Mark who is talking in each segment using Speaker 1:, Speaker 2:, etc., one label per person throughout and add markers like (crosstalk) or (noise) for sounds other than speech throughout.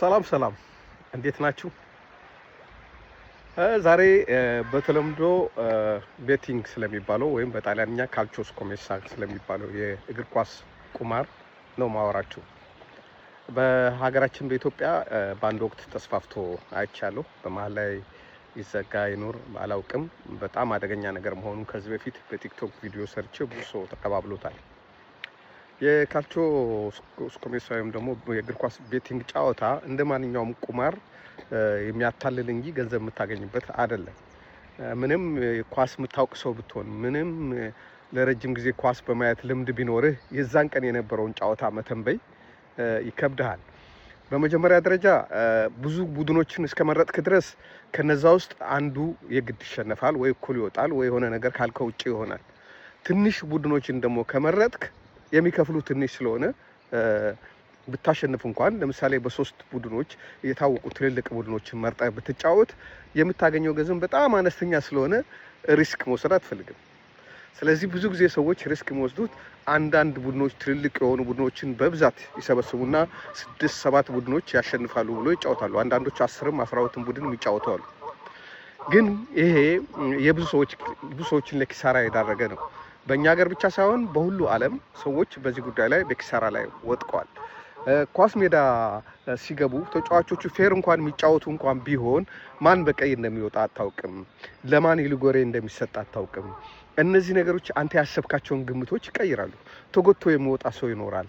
Speaker 1: ሰላም ሰላም፣ እንዴት ናችሁ? ዛሬ በተለምዶ ቤቲንግ ስለሚባለው ወይም በጣሊያንኛ ካልቾስ ኮሜሳ ስለሚባለው የእግር ኳስ ቁማር ነው ማወራችሁ። በሀገራችን በኢትዮጵያ በአንድ ወቅት ተስፋፍቶ አይቻለሁ። በመሀል ላይ ይዘጋ ይኖር አላውቅም። በጣም አደገኛ ነገር መሆኑን ከዚህ በፊት በቲክቶክ ቪዲዮ ሰርቼ ብዙ ሰው ተቀባብሎታል። የካልቾ ስኮሜሳ ወይም ደግሞ የእግር ኳስ ቤቲንግ ጨዋታ እንደ ማንኛውም ቁማር የሚያታልል እንጂ ገንዘብ የምታገኝበት አይደለም። ምንም ኳስ የምታውቅ ሰው ብትሆን፣ ምንም ለረጅም ጊዜ ኳስ በማየት ልምድ ቢኖርህ የዛን ቀን የነበረውን ጨዋታ መተንበይ ይከብድሃል። በመጀመሪያ ደረጃ ብዙ ቡድኖችን እስከ መረጥክ ድረስ ከነዛ ውስጥ አንዱ የግድ ይሸነፋል ወይ እኩል ይወጣል ወይ የሆነ ነገር ካልከ ውጭ ይሆናል። ትንሽ ቡድኖችን ደግሞ ከመረጥክ የሚከፍሉ ትንሽ ስለሆነ ብታሸንፍ እንኳን ለምሳሌ በሶስት ቡድኖች የታወቁ ትልልቅ ቡድኖችን መርጣ ብትጫወት የምታገኘው ገንዘብ በጣም አነስተኛ ስለሆነ ሪስክ መውሰድ አትፈልግም። ስለዚህ ብዙ ጊዜ ሰዎች ሪስክ የሚወስዱት አንዳንድ ቡድኖች ትልልቅ የሆኑ ቡድኖችን በብዛት ይሰበስቡና ስድስት ሰባት ቡድኖች ያሸንፋሉ ብሎ ይጫወታሉ። አንዳንዶች አስርም አስራ ሁለትም ቡድን ይጫወተዋሉ። ግን ይሄ የብዙ ሰዎችን ለኪሳራ የዳረገ ነው። በእኛ ሀገር ብቻ ሳይሆን በሁሉ ዓለም ሰዎች በዚህ ጉዳይ ላይ በኪሳራ ላይ ወጥቀዋል። ኳስ ሜዳ ሲገቡ ተጫዋቾቹ ፌር እንኳን የሚጫወቱ እንኳን ቢሆን ማን በቀይ እንደሚወጣ አታውቅም፣ ለማን ይልጎሬ እንደሚሰጥ አታውቅም። እነዚህ ነገሮች አንተ ያሰብካቸውን ግምቶች ይቀይራሉ። ተጎቶ የሚወጣ ሰው ይኖራል።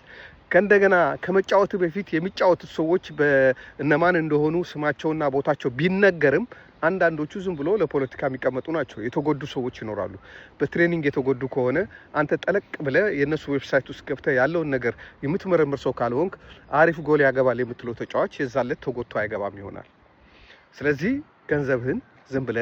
Speaker 1: ከእንደገና ከመጫወቱ በፊት የሚጫወቱት ሰዎች በእነማን እንደሆኑ ስማቸውና ቦታቸው ቢነገርም አንዳንዶቹ ዝም ብሎ ለፖለቲካ የሚቀመጡ ናቸው። የተጎዱ ሰዎች ይኖራሉ። በትሬኒንግ የተጎዱ ከሆነ አንተ ጠለቅ ብለ የእነሱ ዌብሳይት ውስጥ ገብተ ያለውን ነገር የምትመረምር ሰው ካልሆንክ አሪፍ ጎል ያገባል የምትለው ተጫዋች የዛለት ተጎድቶ አይገባም ይሆናል። ስለዚህ ገንዘብህን ዝም ብለ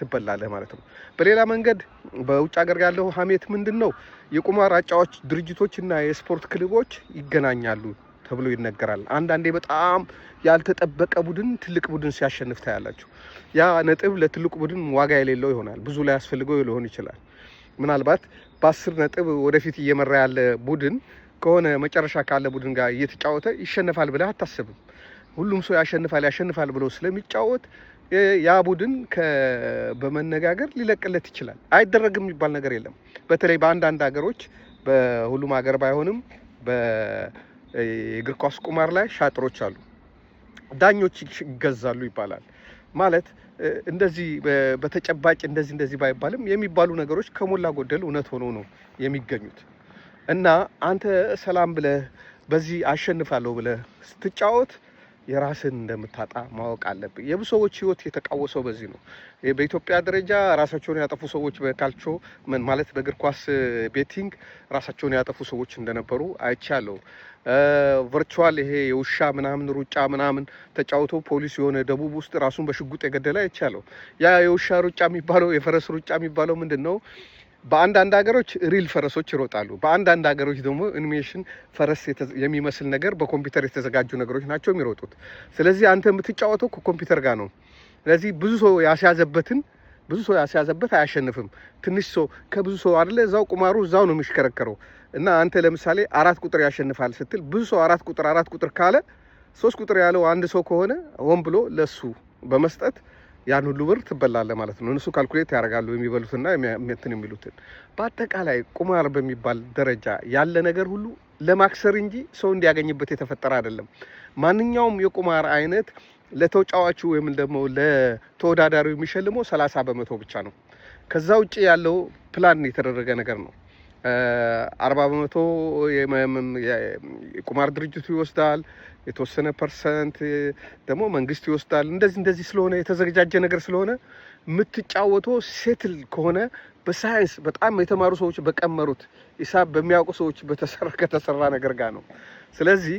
Speaker 1: ትበላለህ ማለት ነው። በሌላ መንገድ በውጭ ሀገር ያለው ሀሜት ምንድን ነው? የቁማር አጫዋች ድርጅቶችና የስፖርት ክለቦች ይገናኛሉ። ተብሎ ይነገራል። አንዳንዴ በጣም ያልተጠበቀ ቡድን ትልቅ ቡድን ሲያሸንፍ ታያላችሁ። ያ ነጥብ ለትልቁ ቡድን ዋጋ የሌለው ይሆናል። ብዙ ላይ ያስፈልገው ሊሆን ይችላል። ምናልባት በአስር ነጥብ ወደፊት እየመራ ያለ ቡድን ከሆነ መጨረሻ ካለ ቡድን ጋር እየተጫወተ ይሸነፋል ብለህ አታስብም። ሁሉም ሰው ያሸንፋል ያሸንፋል ብሎ ስለሚጫወት ያ ቡድን በመነጋገር ሊለቅለት ይችላል። አይደረግም የሚባል ነገር የለም። በተለይ በአንዳንድ ሀገሮች፣ በሁሉም ሀገር ባይሆንም የእግር ኳስ ቁማር ላይ ሻጥሮች አሉ። ዳኞች ይገዛሉ ይባላል። ማለት እንደዚህ በተጨባጭ እንደዚህ እንደዚህ ባይባልም የሚባሉ ነገሮች ከሞላ ጎደል እውነት ሆኖ ነው የሚገኙት እና አንተ ሰላም ብለህ በዚህ አሸንፋለሁ ብለህ ስትጫወት የራስን እንደምታጣ ማወቅ አለብን። የብዙ ሰዎች ህይወት የተቃወሰው በዚህ ነው። በኢትዮጵያ ደረጃ ራሳቸውን ያጠፉ ሰዎች በካልቾ ማለት በእግር ኳስ ቤቲንግ ራሳቸውን ያጠፉ ሰዎች እንደነበሩ አይቻለሁ። ቨርቹዋል ይሄ የውሻ ምናምን ሩጫ ምናምን ተጫውቶ ፖሊስ የሆነ ደቡብ ውስጥ ራሱን በሽጉጥ የገደለ አይቻለሁ። ያ የውሻ ሩጫ የሚባለው የፈረስ ሩጫ የሚባለው ምንድን ነው? በአንዳንድ ሀገሮች ሪል ፈረሶች ይሮጣሉ። በአንዳንድ ሀገሮች ደግሞ ኢኒሜሽን ፈረስ የሚመስል ነገር በኮምፒውተር የተዘጋጁ ነገሮች ናቸው የሚሮጡት። ስለዚህ አንተ የምትጫወተው ከኮምፒውተር ጋር ነው። ስለዚህ ብዙ ሰው ያስያዘበትን ብዙ ሰው ያስያዘበት አያሸንፍም። ትንሽ ሰው ከብዙ ሰው አለ እዛው ቁማሩ እዛው ነው የሚሽከረከረው እና አንተ ለምሳሌ አራት ቁጥር ያሸንፋል ስትል ብዙ ሰው አራት ቁጥር አራት ቁጥር ካለ ሶስት ቁጥር ያለው አንድ ሰው ከሆነ ሆን ብሎ ለሱ በመስጠት ያን ሁሉ ብር ትበላለ ማለት ነው። እነሱ ካልኩሌት ያደርጋሉ የሚበሉትና እንትን የሚሉትን። በአጠቃላይ ቁማር በሚባል ደረጃ ያለ ነገር ሁሉ ለማክሰር እንጂ ሰው እንዲያገኝበት የተፈጠረ አይደለም። ማንኛውም የቁማር አይነት ለተጫዋቹ ወይም ደግሞ ለተወዳዳሪው የሚሸልመው ሰላሳ በመቶ ብቻ ነው። ከዛ ውጭ ያለው ፕላን የተደረገ ነገር ነው። አርባ በመቶ የቁማር ድርጅቱ ይወስዳል። የተወሰነ ፐርሰንት ደግሞ መንግስት ይወስዳል። እንደዚህ እንደዚህ ስለሆነ የተዘገጃጀ ነገር ስለሆነ የምትጫወተው ሴትል ከሆነ በሳይንስ በጣም የተማሩ ሰዎች በቀመሩት ሂሳብ በሚያውቁ ሰዎች (laughs) ከተሰራ ነገር ጋር ነው። ስለዚህ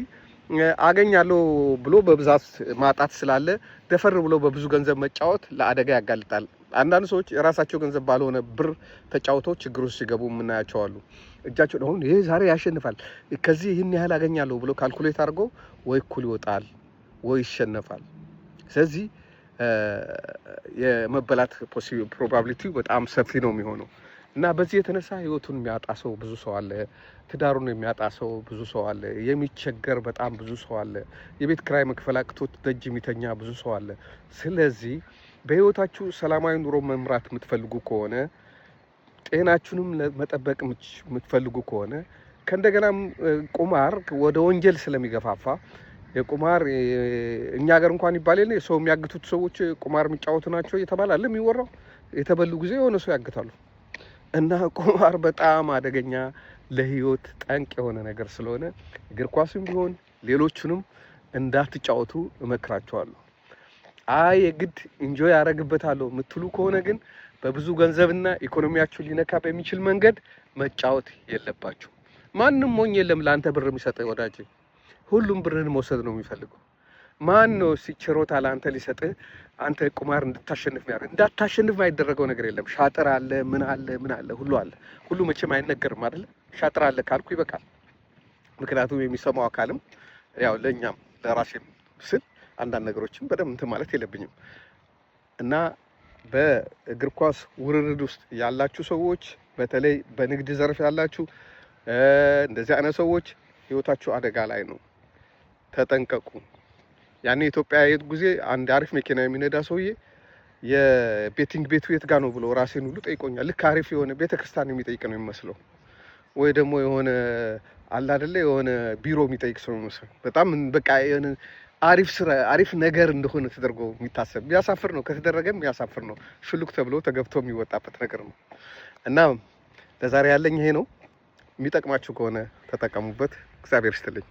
Speaker 1: አገኛለሁ ብሎ በብዛት ማጣት ስላለ ደፈር ብሎ በብዙ ገንዘብ መጫወት ለአደጋ ያጋልጣል። አንዳንድ ሰዎች የራሳቸው ገንዘብ ባልሆነ ብር ተጫውተው ችግር ውስጥ ሲገቡ የምናያቸው አሉ። እጃቸው አሁን ይሄ ዛሬ ያሸንፋል ከዚህ ይህን ያህል አገኛለሁ ብሎ ካልኩሌት አድርገው ወይ እኩል ይወጣል ወይ ይሸነፋል። ስለዚህ የመበላት ፕሮባብሊቲው በጣም ሰፊ ነው የሚሆነው። እና በዚህ የተነሳ ህይወቱን የሚያጣ ሰው ብዙ ሰው አለ። ትዳሩን የሚያጣ ሰው ብዙ ሰው አለ። የሚቸገር በጣም ብዙ ሰው አለ። የቤት ክራይ መክፈል አቅቶት ደጅ የሚተኛ ብዙ ሰው አለ። ስለዚህ በህይወታችሁ ሰላማዊ ኑሮ መምራት የምትፈልጉ ከሆነ ጤናችሁንም መጠበቅ የምትፈልጉ ከሆነ ከእንደገናም ቁማር ወደ ወንጀል ስለሚገፋፋ የቁማር እኛ ሀገር እንኳን ይባል የለ ሰው የሚያግቱት ሰዎች ቁማር የሚጫወቱ ናቸው እየተባለ አለ የሚወራው። የተበሉ ጊዜ የሆነ ሰው ያግታሉ። እና (laughs) ቁማር በጣም አደገኛ ለህይወት ጠንቅ የሆነ ነገር ስለሆነ እግር ኳስም ቢሆን ሌሎቹንም እንዳትጫወቱ እመክራቸዋለሁ። አይ የግድ ኢንጆይ ያደረግበታለሁ የምትሉ ከሆነ ግን በብዙ ገንዘብና ኢኮኖሚያችሁን ሊነካ በሚችል መንገድ መጫወት የለባችሁ። ማንም ሞኝ የለም ለአንተ ብር የሚሰጠ ወዳጅ፣ ሁሉም ብርህን መውሰድ ነው የሚፈልገው። ማን ነው ሲችሮታ ለአንተ ሊሰጥህ አንተ ቁማር እንድታሸንፍ ሚያደርግ? እንዳታሸንፍ የማይደረገው ነገር የለም። ሻጥር አለ፣ ምን አለ፣ ምን አለ፣ ሁሉ አለ። ሁሉ መቼም አይነገርም አይደለ? ሻጥር አለ ካልኩ ይበቃል። ምክንያቱም የሚሰማው አካልም ያው ለእኛም ለራሴም ስል አንዳንድ ነገሮችን በደንብ እንትን ማለት የለብኝም እና በእግር ኳስ ውርርድ ውስጥ ያላችሁ ሰዎች በተለይ በንግድ ዘርፍ ያላችሁ እንደዚህ አይነት ሰዎች ህይወታችሁ አደጋ ላይ ነው። ተጠንቀቁ። ያኔ ኢትዮጵያ የት ጊዜ አንድ አሪፍ መኪና የሚነዳ ሰውዬ የቤቲንግ ቤቱ የት ጋ ነው ብሎ ራሴን ሁሉ ጠይቆኛል። ልክ አሪፍ የሆነ ቤተክርስቲያን የሚጠይቅ ነው የሚመስለው ወይ ደግሞ የሆነ አለ አይደለ የሆነ ቢሮ የሚጠይቅ ሰው የሚመስለው በጣም በቃ የሆነ አሪፍ ስራ አሪፍ ነገር እንደሆነ ተደርጎ የሚታሰብ የሚያሳፍር ነው። ከተደረገም የሚያሳፍር ነው። ሽልክ ተብሎ ተገብቶ የሚወጣበት ነገር ነው እና ለዛሬ ያለኝ ይሄ ነው። የሚጠቅማችሁ ከሆነ ተጠቀሙበት። እግዚአብሔር ይስጥልኝ።